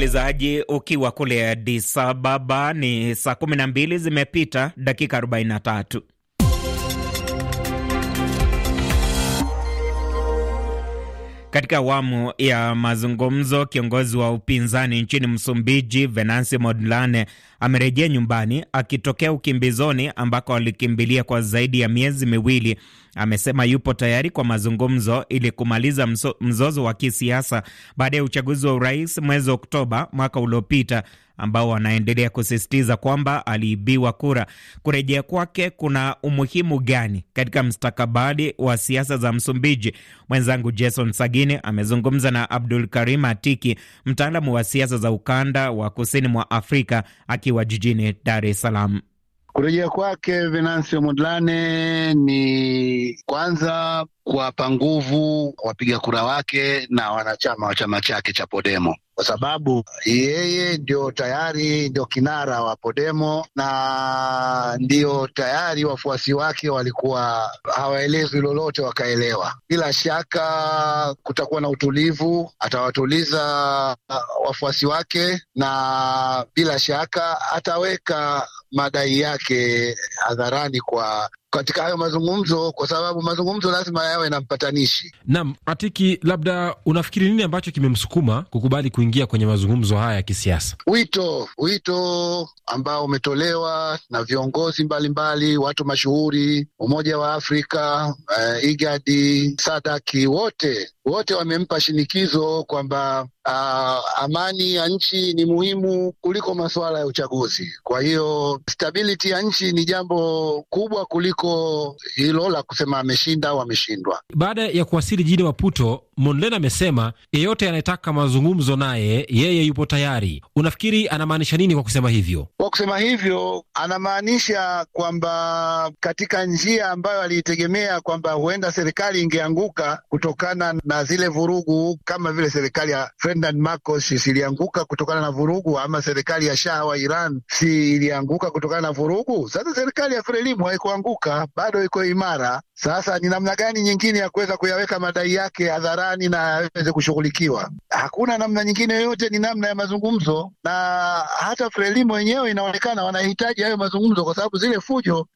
Msikilizaji, ukiwa kule Addis Ababa ni saa 12 zimepita dakika 43. Katika awamu ya mazungumzo, kiongozi wa upinzani nchini Msumbiji, Venancio Mondlane, amerejea nyumbani akitokea ukimbizoni ambako alikimbilia kwa zaidi ya miezi miwili amesema yupo tayari kwa mazungumzo ili kumaliza mzo, mzozo wa kisiasa baada ya uchaguzi wa urais mwezi Oktoba mwaka uliopita ambao wanaendelea kusisitiza kwamba aliibiwa kura. Kurejea kwake kuna umuhimu gani katika mstakabali wa siasa za Msumbiji? Mwenzangu Jason Sagini amezungumza na Abdul Karim Atiki, mtaalamu wa siasa za ukanda wa kusini mwa Afrika, akiwa jijini Dar es Salaam. Kurejea kwake Venancio Mondlane ni kwanza kuwapa nguvu wapiga kura wake na wanachama wa chama chake cha Podemo kwa sababu yeye ndio tayari ndio kinara wa Podemo na ndio tayari wafuasi wake walikuwa hawaelezwi lolote wakaelewa. Bila shaka kutakuwa na utulivu, atawatuliza wafuasi wake na bila shaka ataweka madai yake hadharani kwa katika hayo mazungumzo, kwa sababu mazungumzo lazima yawe na mpatanishi. Naam, Atiki, labda unafikiri nini ambacho kimemsukuma kukubali kuingia kwenye mazungumzo haya ya kisiasa? Wito wito ambao umetolewa na viongozi mbalimbali mbali, watu mashuhuri, Umoja wa Afrika, uh, eh, Igadi, Sadaki, wote wote wamempa shinikizo kwamba uh, amani ya nchi ni muhimu kuliko masuala ya uchaguzi. Kwa hiyo stability ya nchi ni jambo kubwa kuliko kuliko hilo la kusema ameshinda au ameshindwa. Baada ya kuwasili jijini Maputo, Monlen amesema yeyote anayetaka mazungumzo naye yeye yupo tayari. Unafikiri anamaanisha nini kwa kusema hivyo? Kwa kusema hivyo anamaanisha kwamba katika njia ambayo aliitegemea kwamba huenda serikali ingeanguka kutokana na zile vurugu, kama vile serikali ya Ferdinand Marcos silianguka kutokana na vurugu, ama serikali ya Shah wa Iran si ilianguka kutokana na vurugu. Sasa serikali ya Frelimu haikuanguka, bado iko imara. Sasa ni namna gani nyingine ya kuweza kuyaweka madai yake hadharani fulani na aweze kushughulikiwa. Hakuna namna nyingine yoyote, ni namna ya mazungumzo, na hata Frelimo wenyewe inaonekana wanahitaji hayo mazungumzo, kwa sababu zile fujo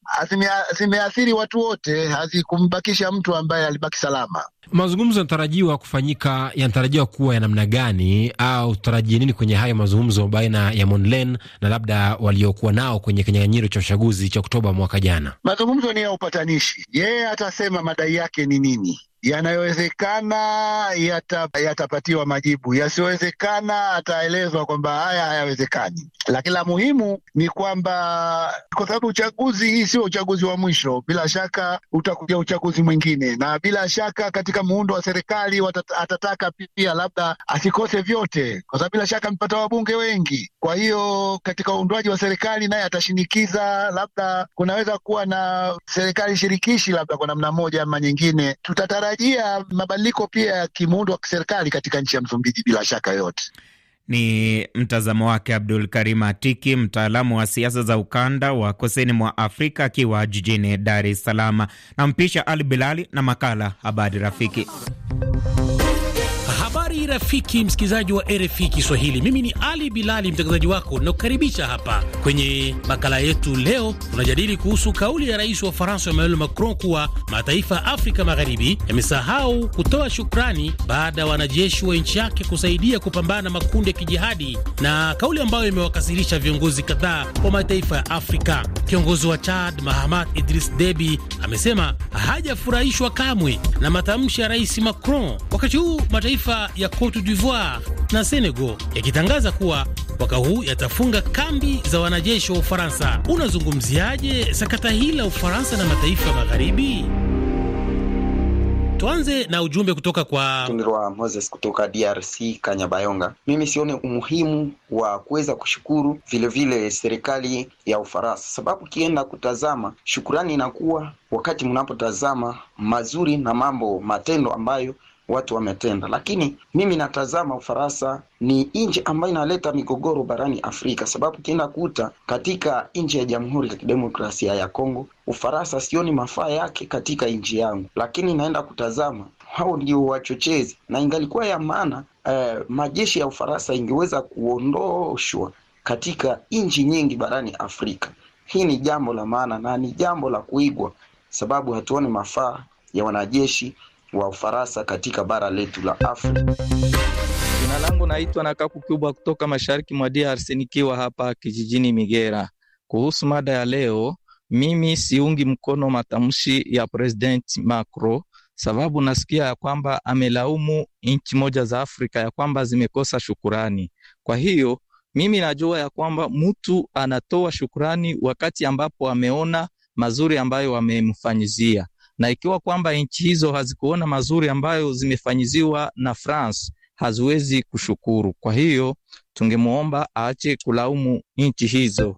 zimeathiri watu wote, hazikumbakisha mtu ambaye alibaki salama. Mazungumzo yanatarajiwa kufanyika, yanatarajiwa kuwa ya namna gani, au tutarajie nini kwenye hayo mazungumzo baina ya Monlen na labda waliokuwa nao kwenye kinyang'anyiro cha uchaguzi cha Oktoba mwaka jana? Mazungumzo ni ya upatanishi, yeye atasema madai yake ni nini yanayowezekana yatapatiwa yata majibu, yasiyowezekana ataelezwa kwamba haya hayawezekani. Lakini la muhimu ni kwamba kwa sababu uchaguzi hii sio uchaguzi wa mwisho, bila shaka utakuja uchaguzi mwingine, na bila shaka katika muundo wa serikali atataka pia labda asikose vyote, kwa sababu bila shaka amepata wabunge wengi. Kwa hiyo katika uundwaji wa serikali naye atashinikiza, labda kunaweza kuwa na serikali shirikishi, labda kwa namna moja ama nyingine, tutatarajia tunatarajia mabadiliko pia ya kimuundo wa kiserikali katika nchi ya Msumbiji bila shaka yote. Ni mtazamo wake Abdul Karim Atiki, mtaalamu wa siasa za ukanda wa kusini mwa Afrika, akiwa jijini Dar es Salaam. Nampisha Ali Bilali na makala Habari Rafiki rafiki msikilizaji wa RFI Kiswahili, mimi ni Ali Bilali mtangazaji wako nakukaribisha hapa kwenye makala yetu. Leo tunajadili kuhusu kauli ya rais wa Faransa Emmanuel Macron kuwa mataifa ya Afrika Magharibi yamesahau kutoa shukrani baada ya wanajeshi wa nchi yake kusaidia kupambana na makundi ya kijihadi, na kauli ambayo imewakasirisha viongozi kadhaa wa mataifa ya Afrika. Kiongozi wa Chad Mahamat Idris debi amesema hajafurahishwa kamwe na matamshi ya rais Macron wakati huu mataifa ya Cote d'Ivoire na Senegal yakitangaza kuwa mwaka huu yatafunga kambi za wanajeshi wa Ufaransa. Unazungumziaje sakata hili la Ufaransa na mataifa magharibi? Tuanze na ujumbe kutoka kwa Tundirwa Moses kutoka DRC Kanyabayonga. Mimi sione umuhimu wa kuweza kushukuru vilevile vile serikali ya Ufaransa, sababu ukienda kutazama shukurani inakuwa wakati mnapotazama mazuri na mambo matendo ambayo watu wametenda, lakini mimi natazama Ufaransa ni nchi ambayo inaleta migogoro barani Afrika, sababu kienda kuta katika nchi ya Jamhuri ya Kidemokrasia ya Kongo, Ufaransa sioni mafaa yake katika nchi yangu, lakini naenda kutazama hao ndio wachochezi, na ingalikuwa ya maana eh, majeshi ya Ufaransa ingeweza kuondoshwa katika nchi nyingi barani Afrika. Hii ni jambo la maana na ni jambo la kuigwa, sababu hatuoni mafaa ya wanajeshi wa Ufaransa katika bara letu la Afrika. Jina langu naitwa na Kaku Kubwa kutoka mashariki mwa DRC nikiwa hapa kijijini Migera. Kuhusu mada ya leo, mimi siungi mkono matamshi ya President Macron sababu nasikia ya kwamba amelaumu nchi moja za Afrika ya kwamba zimekosa shukurani. Kwa hiyo mimi najua ya kwamba mtu anatoa shukurani wakati ambapo ameona mazuri ambayo wamemfanyizia na ikiwa kwamba nchi hizo hazikuona mazuri ambayo zimefanyiziwa na France haziwezi kushukuru. Kwa hiyo tungemwomba aache kulaumu nchi hizo.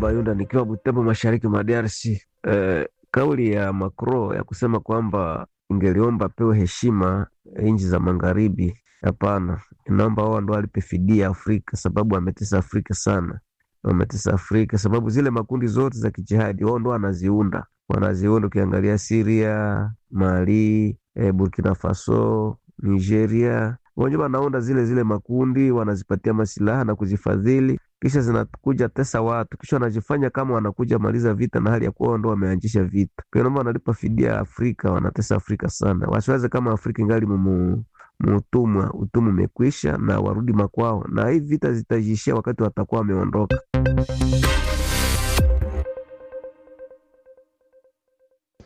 Bayunda nikiwa Butembo, mashariki mwa DRC. Eh, kauli ya Macron ya kusema kwamba ingeliomba pewe heshima nchi za magharibi, hapana. Inaomba wao ndo walipe fidia Afrika, sababu ametesa Afrika sana, wametesa Afrika sababu zile makundi zote za kijihadi wao ndo wanaziunda wanaziunda ukiangalia Siria, Mali, e, Burkina Faso, Nigeria, wenyewe wanaunda zile zile makundi, wanazipatia masilaha na kuzifadhili, kisha zinakuja tesa watu, kisha wanajifanya kama wanakuja maliza vita na hali ya kuwa ndo wameanzisha vita. Kwa wanalipa fidia Afrika, wanatesa Afrika sana, wasiwaze kama Afrika ingali mumu mutumwa utumu umekwisha na warudi makwao, na hii vita zitajishia wakati watakuwa wameondoka.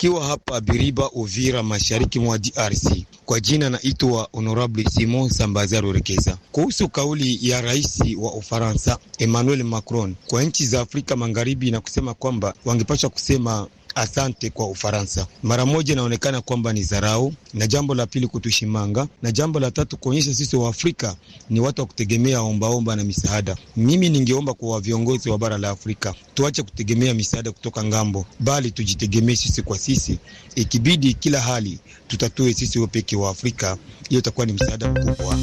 Nikiwa hapa Biriba, Uvira, mashariki mwa DRC. Kwa jina naitwa Honorable Simon Sambazaru Rekeza. Kuhusu kauli ya rais wa Ufaransa Emmanuel Macron kwa nchi za Afrika Magharibi na kusema kwamba wangepasha kusema asante kwa Ufaransa. Mara moja inaonekana kwamba ni dharau, na jambo la pili kutushimanga, na jambo la tatu kuonyesha sisi wa afrika ni watu wa kutegemea ombaomba na misaada. Mimi ningeomba kwa viongozi wa bara la Afrika tuache kutegemea misaada kutoka ngambo, bali tujitegemee sisi kwa sisi. Ikibidi kila hali tutatue sisi wapeke wa Afrika, hiyo itakuwa ni msaada mkubwa.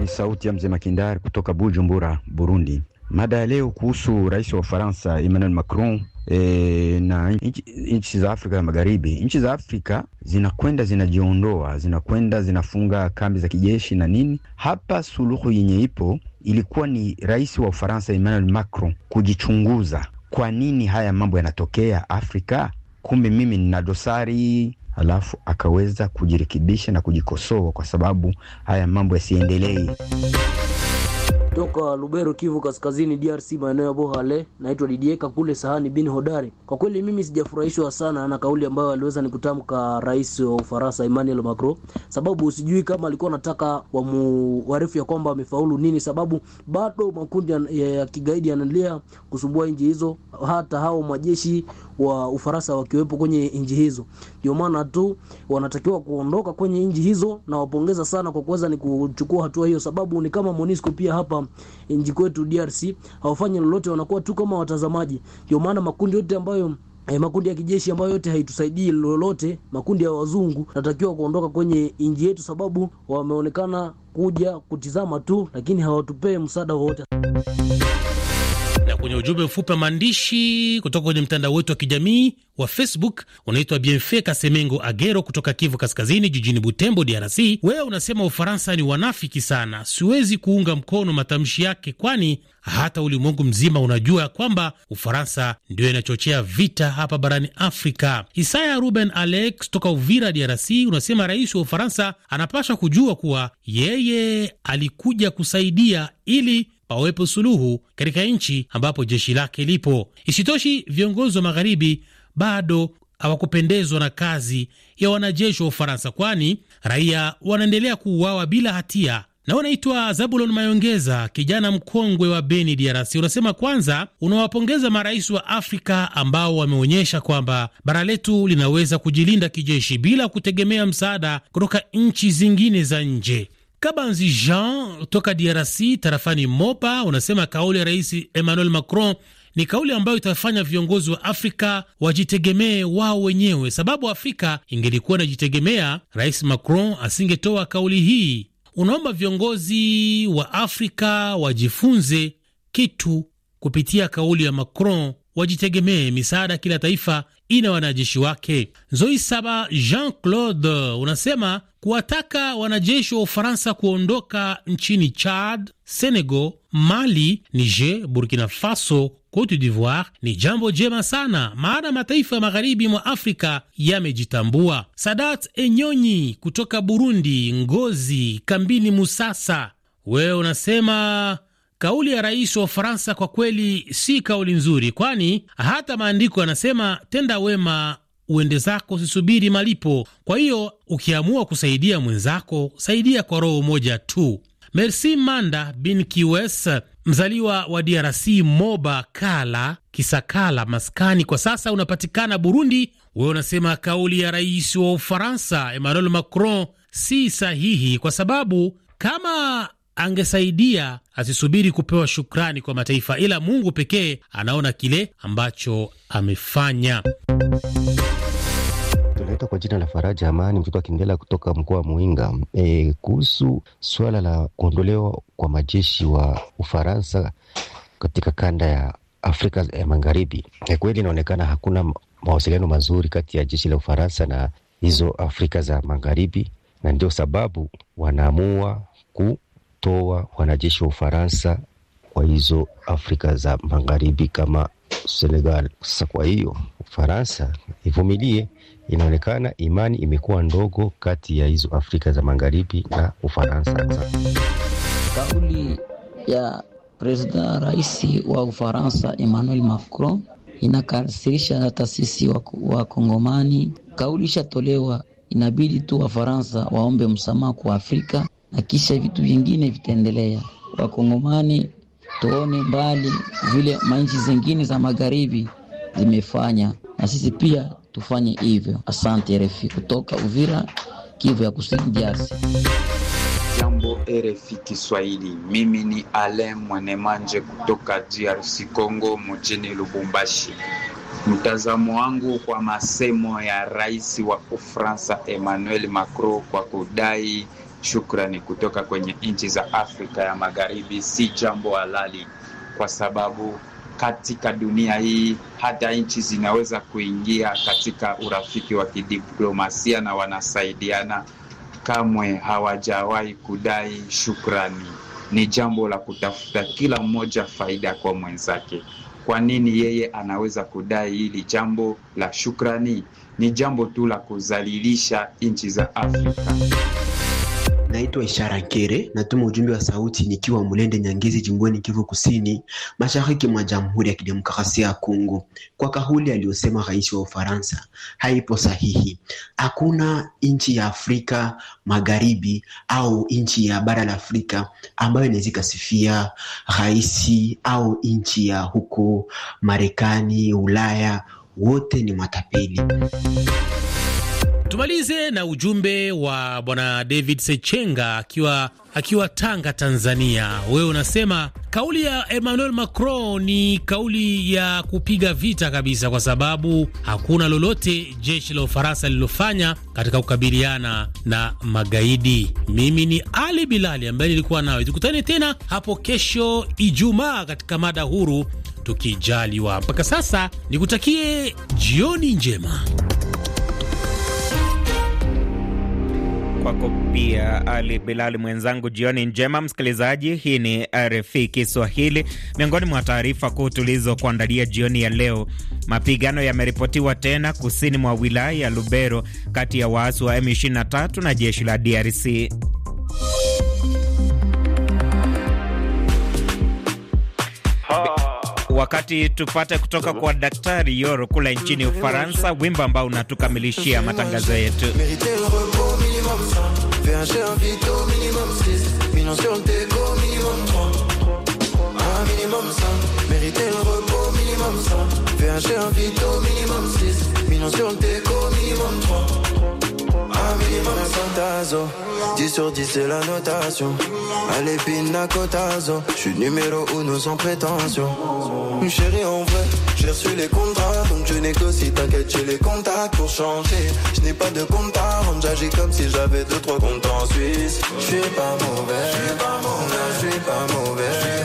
Ni sauti ya mzee Makindari kutoka Bujumbura, Burundi. Mada ya leo kuhusu rais wa Ufaransa Emmanuel Macron e, na nchi, nchi za Afrika ya Magharibi. Nchi za Afrika zinakwenda zinajiondoa, zinakwenda zinafunga kambi za kijeshi na nini. Hapa suluhu yenye ipo ilikuwa ni rais wa Ufaransa Emmanuel Macron kujichunguza, kwa nini haya mambo yanatokea Afrika? Kumbe mimi nina dosari Alafu akaweza kujirekebisha na kujikosoa kwa sababu haya mambo yasiendelei toka Lubero, Kivu Kaskazini, DRC, maeneo ya Bohale. Naitwa didieka kule Sahani bin Hodari. Kwa kweli mimi sijafurahishwa sana na kauli ambayo aliweza ni kutamka rais wa Ufaransa Emmanuel Macron, sababu sijui kama alikuwa anataka wamuarifu ya kwamba amefaulu nini, sababu bado makundi ya kigaidi yanaendelea kusumbua nchi hizo, hata hao majeshi wa Ufaransa wakiwepo kwenye nchi hizo. Ndio maana tu wanatakiwa kuondoka kwenye nchi hizo, na wapongeza sana kwa kuweza ni kuchukua hatua hiyo, sababu ni kama Monisco pia hapa nchi kwetu DRC hawafanyi lolote, wanakuwa tu kama watazamaji. Ndio maana makundi yote ambayo E, makundi ya kijeshi ambayo yote haitusaidii lolote, makundi ya wazungu natakiwa kuondoka kwenye nchi yetu, sababu wameonekana kuja kutizama tu, lakini hawatupee msaada wowote kwenye ujumbe mfupi wa maandishi kutoka kwenye mtandao wetu wa kijamii wa Facebook. Unaitwa Bienfe Kasemengo Agero kutoka Kivu Kaskazini, jijini Butembo, DRC. Wewe unasema Ufaransa ni wanafiki sana, siwezi kuunga mkono matamshi yake, kwani hata ulimwengu mzima unajua kwamba Ufaransa ndiyo inachochea vita hapa barani Afrika. Isaya Ruben Alex toka Uvira, DRC, unasema rais wa Ufaransa anapaswa kujua kuwa yeye alikuja kusaidia ili wawepo suluhu katika nchi ambapo jeshi lake lipo. Isitoshi, viongozi wa magharibi bado hawakupendezwa na kazi ya wanajeshi wa Ufaransa, kwani raia wanaendelea kuuawa bila hatia. Na wanaitwa Zabulon Mayongeza, kijana mkongwe wa Beni, DRC, unasema kwanza unawapongeza marais wa Afrika ambao wameonyesha kwamba bara letu linaweza kujilinda kijeshi bila kutegemea msaada kutoka nchi zingine za nje. Kabanzi Jean toka DRC tarafani mopa unasema kauli ya Rais Emmanuel Macron ni kauli ambayo itafanya viongozi wa Afrika wajitegemee wao wenyewe, sababu Afrika ingelikuwa inajitegemea, Rais Macron asingetoa kauli hii. Unaomba viongozi wa Afrika wajifunze kitu kupitia kauli ya Macron, wajitegemee. Misaada kila taifa ina wanajeshi wake. Zoi Saba Jean Claude unasema kuwataka wanajeshi wa Ufaransa kuondoka nchini Chad, Senegal, Mali, Niger, Burkina Faso, Cote d'Ivoire ni jambo jema sana, maana mataifa ya magharibi mwa Afrika yamejitambua. Sadat Enyonyi kutoka Burundi, Ngozi kambini Musasa, wewe unasema Kauli ya rais wa Ufaransa kwa kweli si kauli nzuri, kwani hata maandiko yanasema tenda wema uende zako, usisubiri malipo. Kwa hiyo ukiamua kusaidia mwenzako, saidia kwa roho moja tu. Merci Manda bin Kiwes, mzaliwa wa DRC Moba Kala Kisakala, maskani kwa sasa unapatikana Burundi. Wewe unasema kauli ya rais wa Ufaransa Emmanuel Macron si sahihi, kwa sababu kama angesaidia asisubiri kupewa shukrani kwa mataifa, ila Mungu pekee anaona kile ambacho amefanya. Naitwa kwa jina la Faraja Amani, mtoto wa Kindela kutoka mkoa wa Muinga. E, kuhusu suala la kuondolewa kwa majeshi wa Ufaransa katika kanda ya Afrika ya Magharibi, e, kweli inaonekana hakuna mawasiliano mazuri kati ya jeshi la Ufaransa na hizo Afrika za Magharibi, na ndio sababu wanaamua ku kutoa wanajeshi wa Ufaransa kwa hizo Afrika za magharibi kama Senegal. Sasa kwa hiyo Ufaransa ivumilie, inaonekana imani imekuwa ndogo kati ya hizo Afrika za magharibi na Ufaransa. Kauli ya Presida rais wa Ufaransa Emmanuel Macron inakasirisha hata wa Wakongomani. Kauli ishatolewa, inabidi tu Wafaransa waombe msamaha kwa Afrika na kisha vitu vingine vitaendelea. Wakongomani, tuone mbali vile manchi zingine za magharibi zimefanya, na sisi pia tufanye hivyo. Asante RFI kutoka Uvira, Kivu ya Kusini, DRC. Jambo RFI Kiswahili, mimi ni Ale mwanemanje kutoka DRC Congo, mjini Lubumbashi. Mtazamo wangu kwa masemo ya rais wa Ufaransa Emmanuel Macron kwa kudai shukrani kutoka kwenye nchi za Afrika ya Magharibi si jambo halali, kwa sababu katika dunia hii hata nchi zinaweza kuingia katika urafiki wa kidiplomasia na wanasaidiana, kamwe hawajawahi kudai shukrani. Ni jambo la kutafuta kila mmoja faida kwa mwenzake. Kwa nini yeye anaweza kudai hili jambo la shukrani? Ni jambo tu la kuzalilisha nchi za Afrika. Naitwa Ishara Nkere, natuma ujumbe wa sauti nikiwa Mulende Nyangezi, jimboni Kivu Kusini, mashariki mwa Jamhuri ya Kidemokrasia ya Kongo. Kwa kauli aliyosema rais wa Ufaransa haipo sahihi. Hakuna nchi ya Afrika Magharibi au nchi ya bara la Afrika ambayo inaweza ikasifia rais au nchi ya huko Marekani, Ulaya, wote ni matapeli. Tumalize na ujumbe wa bwana David Sechenga akiwa akiwa Tanga, Tanzania. Wewe unasema kauli ya Emmanuel Macron ni kauli ya kupiga vita kabisa, kwa sababu hakuna lolote jeshi la Ufaransa lililofanya katika kukabiliana na magaidi. Mimi ni Ali Bilali ambaye nilikuwa nawe, tukutane tena hapo kesho Ijumaa katika mada huru tukijaliwa. Mpaka sasa nikutakie jioni njema. kwako pia Ali Bilali mwenzangu. Jioni njema msikilizaji, hii ni RFI Kiswahili. Miongoni mwa taarifa kuu tulizokuandalia jioni ya leo, mapigano yameripotiwa tena kusini mwa wilaya ya Lubero kati ya waasi wa M23 na jeshi la DRC. Wakati tupate kutoka kwa Daktari Yoro kule nchini Ufaransa, wimbo ambao unatukamilishia matangazo yetu. j'ai un au minimum 6 Millions sur le déco, minimum 3 Un minimum 5 Mériter le repos, minimum 5 j'ai un au minimum 6 Millions sur le déco, minimum 3 un minimum 5 10 sur 10 c'est la notation Allez cotazo Je suis numéro 1 sans prétention Chérie en vrai J'ai reçu les contrats si t'inquiète, tu les contacts pour changer. Je n'ai pas de compte à rendre, j'agis comme si j'avais deux, trois comptes en Suisse. Je suis pas mauvais, je suis pas mauvais, je suis pas mauvais.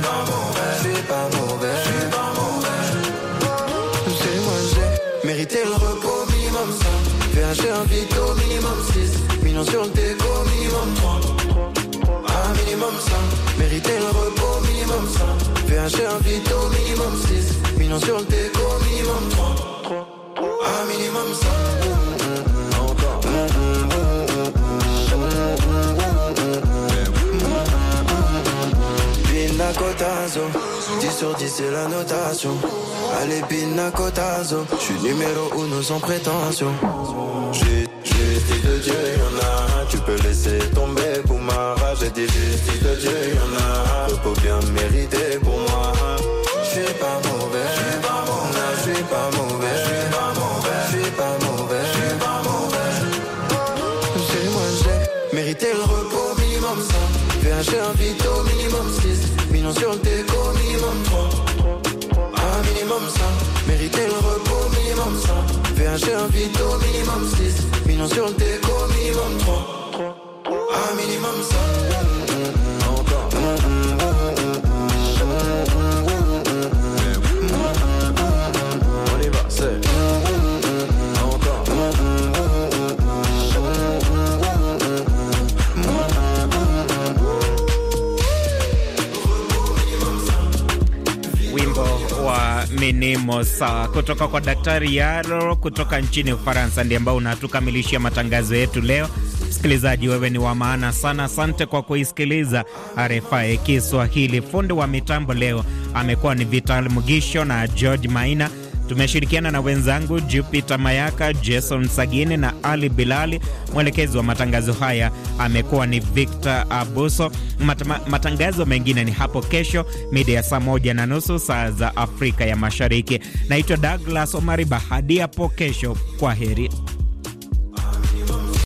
sur 10, c'est la notation. Allez, Cotazo je suis numéro uno sans prétention. J'ai Justice de Dieu, y en a, tu peux laisser tomber pour ma rage. J'ai dit justice de Dieu, y en a, repos bien mérité pour moi. Je suis pas mauvais, je suis pas mauvais, je suis pas mauvais, je suis pas mauvais, je suis pas mauvais, pas mauvais. J'ai moi j'ai mérité le repos minimum 5, VH invite au minimum 6, millions sur le J'ai un vide au minimum 6 Millions sur le déco, minimum 3 Un minimum 5 saa kutoka kwa Daktari Yaro kutoka nchini Ufaransa, ndiye ambao unatukamilishia matangazo yetu leo. Msikilizaji, wewe ni wa maana sana, asante kwa kuisikiliza RFI Kiswahili. Fundi wa mitambo leo amekuwa ni Vital Mugisho na George Maina. Tumeshirikiana na wenzangu Jupiter Mayaka, Jason Sagini na Ali Bilali. Mwelekezi wa matangazo haya amekuwa ni Victor Abuso. Matama, matangazo mengine ni hapo kesho mida ya saa moja na nusu saa za Afrika ya Mashariki. Naitwa Douglas Omariba, hadi hapo kesho, kwa heri.